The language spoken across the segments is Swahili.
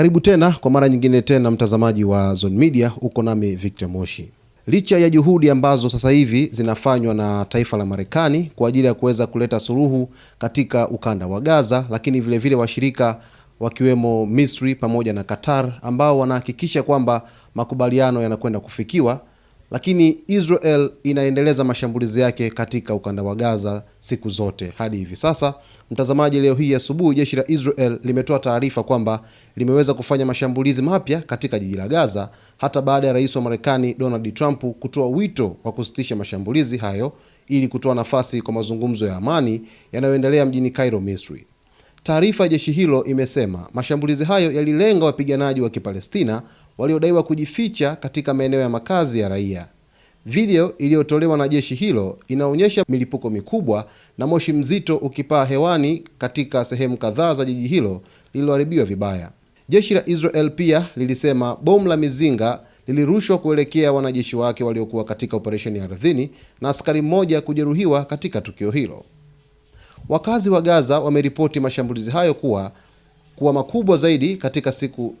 Karibu tena kwa mara nyingine tena mtazamaji wa Zone Media, uko nami Victor Moshi. Licha ya juhudi ambazo sasa hivi zinafanywa na taifa la Marekani kwa ajili ya kuweza kuleta suluhu katika ukanda wa Gaza, lakini vilevile washirika wakiwemo Misri pamoja na Qatar ambao wanahakikisha kwamba makubaliano yanakwenda kufikiwa lakini Israel inaendeleza mashambulizi yake katika ukanda wa Gaza siku zote hadi hivi sasa. Mtazamaji, leo hii asubuhi jeshi la Israel limetoa taarifa kwamba limeweza kufanya mashambulizi mapya katika jiji la Gaza hata baada ya rais wa Marekani Donald Trump kutoa wito wa kusitisha mashambulizi hayo ili kutoa nafasi kwa mazungumzo ya amani yanayoendelea mjini Cairo, Misri. Taarifa ya jeshi hilo imesema mashambulizi hayo yalilenga wapiganaji wa Kipalestina waliodaiwa kujificha katika maeneo ya makazi ya raia. Video iliyotolewa na jeshi hilo inaonyesha milipuko mikubwa na moshi mzito ukipaa hewani katika sehemu kadhaa za jiji hilo lililoharibiwa vibaya. Jeshi la Israel pia lilisema bomu la mizinga lilirushwa kuelekea wanajeshi wake waliokuwa katika operesheni ya ardhini na askari mmoja kujeruhiwa katika tukio hilo. Wakazi wa Gaza wameripoti mashambulizi hayo kuwa kuwa makubwa zaidi katika siku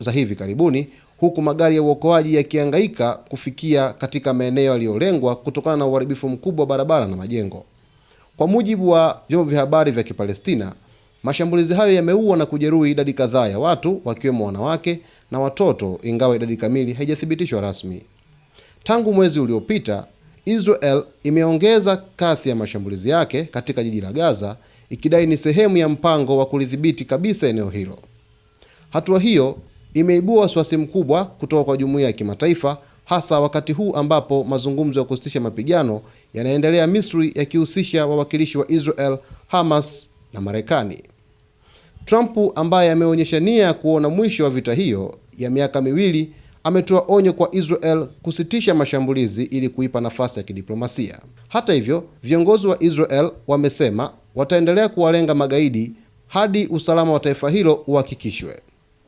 za hivi karibuni, huku magari ya uokoaji yakihangaika kufikia katika maeneo yaliyolengwa kutokana na uharibifu mkubwa wa barabara na majengo. Kwa mujibu wa vyombo vya habari vya Kipalestina, mashambulizi hayo yameua na kujeruhi idadi kadhaa ya watu wakiwemo wanawake na watoto, ingawa idadi kamili haijathibitishwa rasmi. Tangu mwezi uliopita Israel imeongeza kasi ya mashambulizi yake katika jiji la Gaza ikidai ni sehemu ya mpango wa kulidhibiti kabisa eneo hilo. Hatua hiyo imeibua wasiwasi mkubwa kutoka kwa jumuiya ya kimataifa hasa wakati huu ambapo mazungumzo ya kusitisha mapigano yanaendelea Misri yakihusisha wawakilishi wa Israel, Hamas na Marekani. Trump ambaye ameonyesha nia ya kuona mwisho wa vita hiyo ya miaka miwili ametoa onyo kwa Israel kusitisha mashambulizi ili kuipa nafasi ya kidiplomasia. Hata hivyo, viongozi wa Israel wamesema wataendelea kuwalenga magaidi hadi usalama wa taifa hilo uhakikishwe.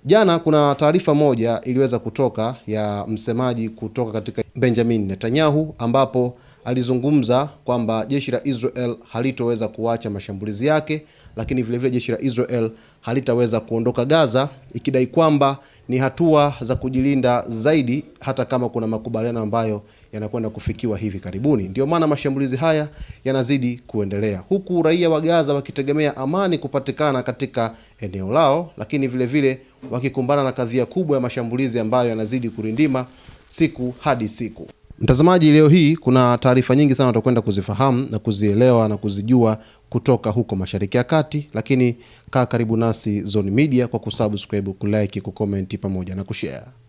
Jana kuna taarifa moja iliweza kutoka ya msemaji kutoka katika Benjamin Netanyahu ambapo alizungumza kwamba jeshi la Israel halitoweza kuacha mashambulizi yake, lakini vilevile jeshi la Israel halitaweza kuondoka Gaza, ikidai kwamba ni hatua za kujilinda zaidi, hata kama kuna makubaliano ambayo yanakwenda kufikiwa hivi karibuni. Ndiyo maana mashambulizi haya yanazidi kuendelea, huku raia wa Gaza wakitegemea amani kupatikana katika eneo lao, lakini vilevile wakikumbana na kadhia kubwa ya mashambulizi ambayo yanazidi kurindima siku hadi siku. Mtazamaji, leo hii kuna taarifa nyingi sana utakwenda kuzifahamu na kuzielewa na kuzijua kutoka huko Mashariki ya Kati, lakini kaa karibu nasi Zone Media kwa kusubscribe, kulike, kukomenti pamoja na kushare.